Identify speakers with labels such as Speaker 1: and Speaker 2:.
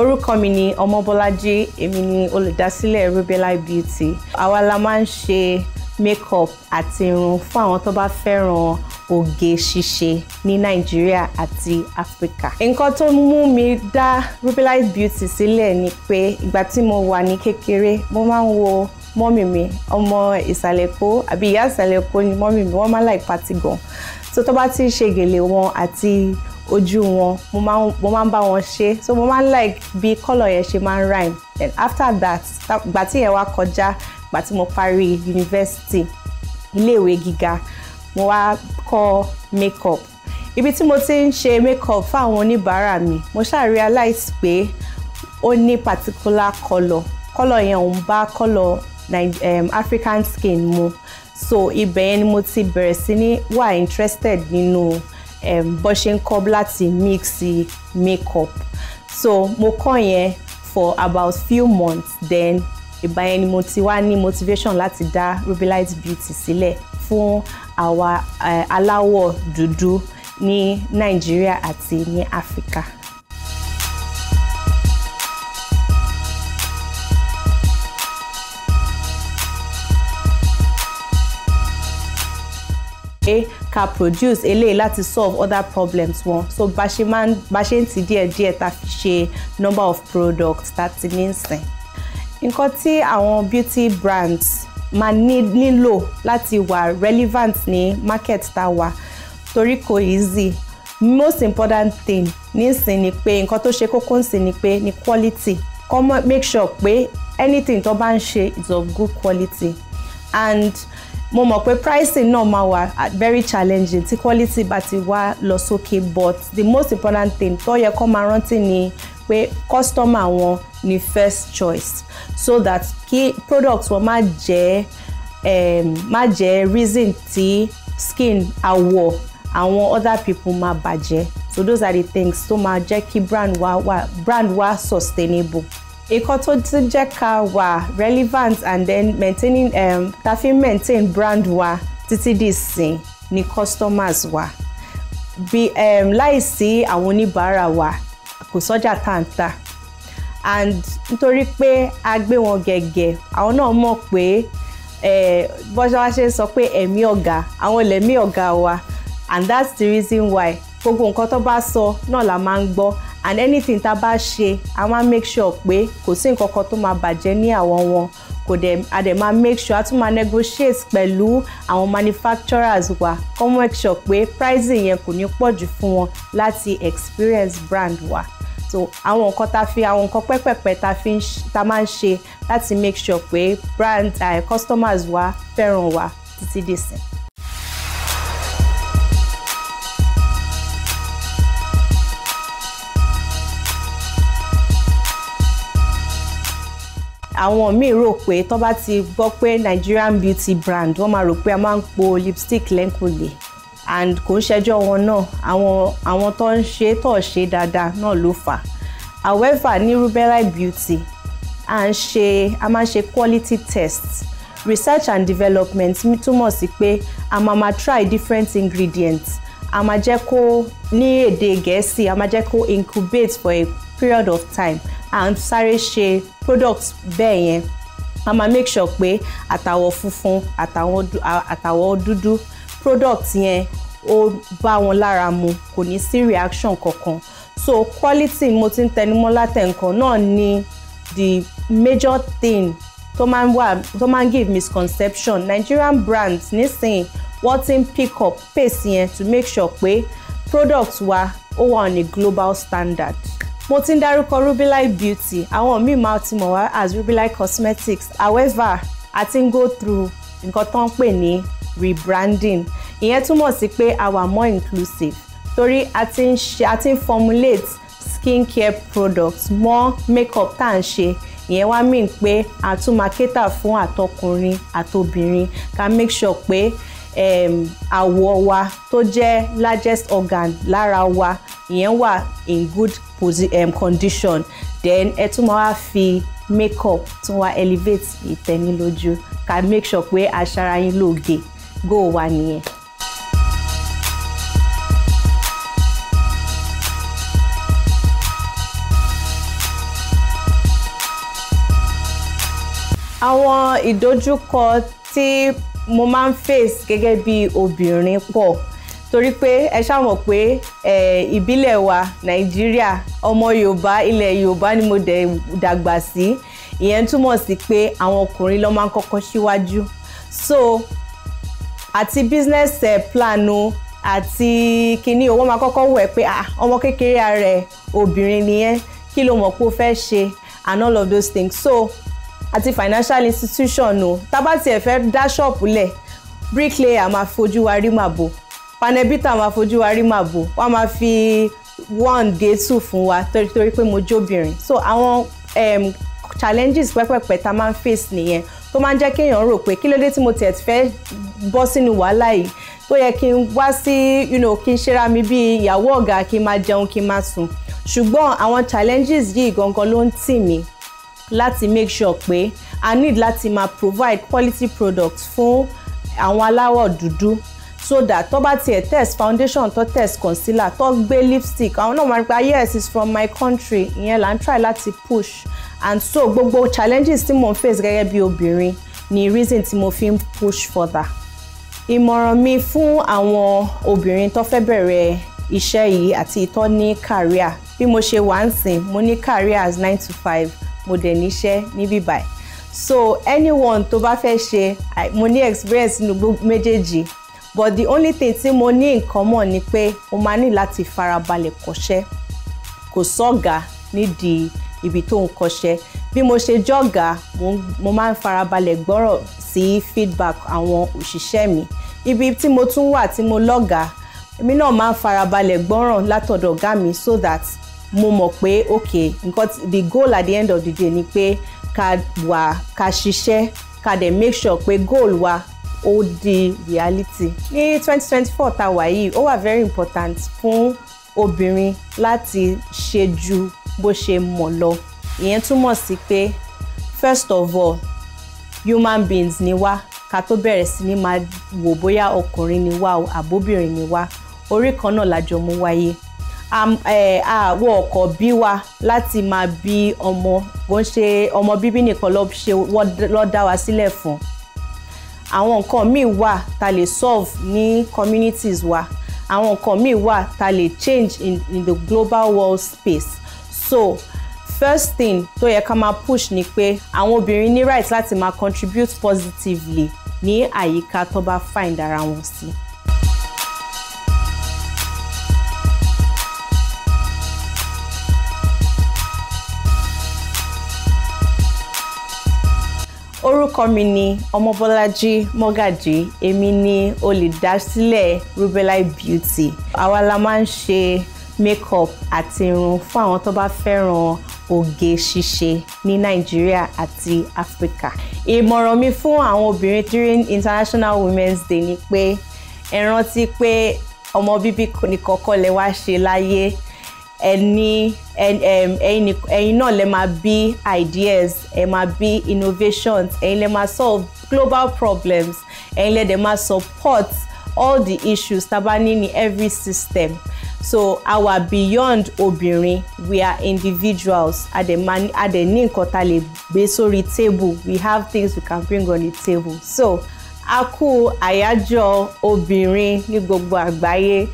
Speaker 1: orúkọ mi ni ọmọbọlájí èmi ni olùdásílẹ̀ rubella beauty àwa la máa ń ṣe makeup àti irun fún àwọn tó bá fẹ́ràn oge ṣíṣe ní nàìjíríà àti áfíríkà. nǹkan tó mú mi dá rubella beauty sílẹ̀ ni pé ìgbà tí mo wà ní kékeré mo máa ń wo mọ́mì mi ọmọ ìsàlẹ̀ Èkó àbí ìyá ìsàlẹ̀ Èkó ni mọ́mì mi wọ́n máa ń like party gan so tó bá ti ṣe gèlè wọn àti ojú wọn mo máa ń bá wọn ṣe so mo máa ń like bí kọ́lọ̀ yẹn ṣe máa ń rhyme and after that gbà tí yẹn wá kọjá gbà tí mo parí yunifásitì iléèwé gíga mo wá kọ́ makeup ibi tí mo ti ń ṣe makeup fáwọn oníbàárà mi mo ṣáà realize pé ó ní particular colour colour yẹn òun bá colour African skin mu so ibẹ̀ yẹn ni mo ti bẹ̀rẹ̀ sí ní wà interested nínú. know. Um, bó ṣe ń kọ́ láti mix makeup so mo kọ́ yẹn for about few months then ìgbà yẹn ni mo ti wá ní motivation láti dá Rubelite Beauty sílẹ̀ fún àwa eh, aláwọ̀ dúdú ní Nàìjíríà àti ní Áfíríkà. ṣe ká produce eléyìí láti solve other problems wọn so bá ṣe máa ń bá ṣe ń tì díẹ̀díẹ̀ tá fi ṣe number of products tá ti ní sìn. nǹkan tí àwọn beauty brands máa nílò láti wà relevant ní market tá wà torí kò easy most important thing nísìn ni pé nǹkan tó ṣe kókó nsìn ni pé ni quality Come, make sure pé anything tó bá ń ṣe is of good quality and mo mọ̀ pé pricing náà máa wà very challenging tí quality bá ti wá lọ sókè but the most important thing tó yẹ kó máa rántí ni pé customer wọn ni first choice so that kí product wọn má jẹ́ um, má jẹ́ reason tí skin àwọ̀ àwọn other people máa bàjẹ́ so those are the things tó máa jẹ́ kí brand wa wà brand wa sustainable nǹkan tó ti jẹ́ ká wà relevant and then maintaining um, ta fi maintain brand wa títí di ìsìn ni customers wa bí um, láìsí àwọn oníbàárà wa kò sọ́jà tá à ń and nítorí pé a gbé wọn gẹ̀gẹ̀ àwọn náà mọ̀ pé eh, bọ́sá wa ṣe ń sọ pé ẹ̀mí ọ̀gá àwọn lẹ̀mí ọ̀gá wa and that's the reason why gbogbo nǹkan tó bá sọ náà la máa ń gbọ́ and anything tá a bá ṣe a máa make sure pé kò sí nǹkan kan tó máa bàjẹ́ ní àwọn wọn kò dẹ̀ a dẹ̀ máa make sure a tún máa negotiate pẹ̀lú àwọn manufacturers wa come make sure pé pricing yẹn kò ní pọ̀ jù fún wọn láti experience brand wa so àwọn nǹkan ta fi àwọn nǹkan pẹ́pẹ̀pẹ́ ta fi ta máa ń ṣe láti make sure pé brand uh, customers wa fẹ́ràn wa títí dìsìn. àwọn míì rò pé tó bá ti gbọ́ pé Nigerian beauty brand wọ́n máa rò pé a máa ń po lipstick lẹ́ńkùlé and kò ń ṣẹjọ́ wọn náà àwọn àwọn tó ń ṣe tó ṣe dáadáa náà ló fà however ní Rubellite Beauty à ń ṣe a máa ń ṣe quality test research and development túmọ̀ sí pé a máa máa try different ingredients a máa jẹ́ kó ní èdè gẹ̀ẹ́sì a máa jẹ́ kó incubate for a period of time à ń sáré ṣe product bẹ́ẹ̀ yẹn a máa make sure pé àtàwọ̀ funfun àtàwọ̀ dúdú product yẹn ó bá wọn lára mu kò ní sí reaction kankan so quality mo ti ń tẹnumọ́ látẹ̀ǹkan náà ni the major thing tó máa ń wà tó máa ń give misconception Nigerian brands nísìnyí wọ́n ti ń pick up pace yẹn to make sure pé product wa ó wà on a global standard mo ti ń dárúkọ Rubelite Beauty àwọn míì máa ti mọ̀ wá as Rubelite Cosmetics however a ti ń go through nǹkan tó ń pè ní rebranding ìyẹn túmọ̀ sí pé our more inclusive torí a ti ń ṣe a ti ń formulate skincare products more makeup tá à ń ṣe ìyẹn wá mí pé a tún máa cater fún àtọkùnrin àtobìnrin ká make sure pé um, àwọ̀ wa tó jẹ́ largest organ lára wa ìyẹn wà in good um, condition then ẹ tún máa fi makeup tún wá elevate ìtẹ́nilójú ká make sure pé aṣara yín lóge goal wa nìyẹn. àwọn ìdojúkọ tí mo máa ń face gẹ́gẹ́ bí obìnrin pọ̀ torí pé ẹ ṣàmọ̀ pé ìbílẹ̀ wa Nàìjíríà ọmọ Yorùbá ilẹ̀ Yorùbá ni mo dẹ̀ dàgbà sí ìyẹn túmọ̀ sí pé àwọn ọkùnrin ló máa ń kọ́kọ́ síwájú so àti business plan àti kínní owó máa kọ́kọ́ wẹ̀ pé ah, ọmọ kékeré rẹ̀ obìnrin nìyẹn kí ló mọ̀ pé ó fẹ́ ṣe and all of those things so àti financial institution o tábà tiẹ̀ fẹ́ dá ṣọ́ọ̀pù lẹ̀ bricklayer máa fojú wa rí màbo panebita máa fojú wa rí màbo wọ́n máa fi one day two fún wa torí pé mo jóbìnrin so àwọn um, challenges pẹ́pẹ́pẹ́ tá a máa ń face nìyẹn tó máa ń jẹ́ kéèyàn rò pé kí ló dé tí mo tiẹ̀ fẹ́ bọ́ sínú wàhálà yìí tó yẹ kí n wá sí you know kí n ṣera mi bí ìyàwó ọ̀gá kí n máa jẹun kí n máa sùn ṣùgbọ́n àwọn challenges yìí gangan ló ń tì mí láti make sure pé I need láti máa provide quality products fún àwọn aláwọ̀ dúdú so that tó bá tiẹ̀ test foundation tó test concealer tó gbé lipstick àwọn náà máa gba ah, yes it's from my country ìyẹn là ń try láti push and so gbogbo challenges tí mo ń face gẹ́gẹ́ bí obìnrin ni reason tí mo fi ń push further. ìmọ̀ràn mi fún àwọn obìnrin tó fẹ́ bẹ̀rẹ̀ iṣẹ́ yìí àti ìtọ́ ní career bí mo ṣe wà ń sìn mo ní career as nine to five mo dẹ̀ níṣẹ́ níbí báyìí so anyone tó bá fẹ́ ṣe mo ní experience nínú méjèèjì but the only thing tí mo ní in common ni pé mo máa ní láti farabalẹ̀ kọ́ṣẹ́ kò sọ́gà nídìí ibi tó ń kọ́ṣẹ́ bí mo ṣe jọ́gà mo máa ń farabalẹ̀ gbọ́rọ̀ sí feedback àwọn òṣìṣẹ́ mi ibi tí mo tún wà tí mo lọ́gàá èmi náà máa ń farabalẹ̀ gbọ́ràn látọ̀dọ̀ ọ̀gá mi so that mo mọ̀ pé ok nǹkan the goal at the end of the day ni pé ká wà ká ṣiṣẹ́ ká dẹ̀ make sure pé goal wa ó di reality. ní twenty twenty four tá wà yìí ó wà very important fún obìnrin láti ṣe ju bó ṣe mọ̀ lọ ìyẹn túmọ̀ sí pé first of all human beings ni wá ká tó bẹ̀rẹ̀ sí ní máa wò bóyá ọkùnrin ni wá àbóbìnrin ni wá orí kan náà lájọ mú wáyé àwọ̀ ọkọ̀ bí wa láti máa bí ọmọ bó ń ṣe ọmọ bíbí nìkan ló ṣe ló dá wa sílẹ̀ fún àwọn nǹkan míì wà tá lè solve ní communities wa àwọn nǹkan míì wà tá lè change in, in the global world space so first thing tó yẹ ká máa push ni pé àwọn obìnrin ní right láti máa contribute positively ní àyíká tó bá find ara wọn sí. Si. orúkọ mi ni ọmọbọlájí mọgàjí èmi ni olùdásílẹ̀ rubelai beauty àwa la máa ń ṣe makeup àti irun fún àwọn tó bá fẹ́ràn oge ṣíṣe ní nàìjíríà àti áfíríkà ìmọ̀ràn mi fún àwọn obìnrin during international women's day ni pé ẹ rántí pé ọmọ bíbí nìkọ̀ọ̀kan lè wá ṣe láyé ẹni ẹ̀yin náà lè máa bí ideas ẹ máa bí innovations ẹ̀yin lè máa solve global problems ẹ̀yin lè dẹ̀ máa support all the issues taba ní ní every system so our beyond obìnrin we are individuals ademani adeni nǹkan tá lè gbé sórí table we have things we can bring on the table so a kú àyájọ́ obìnrin ní gbogbo àgbáyé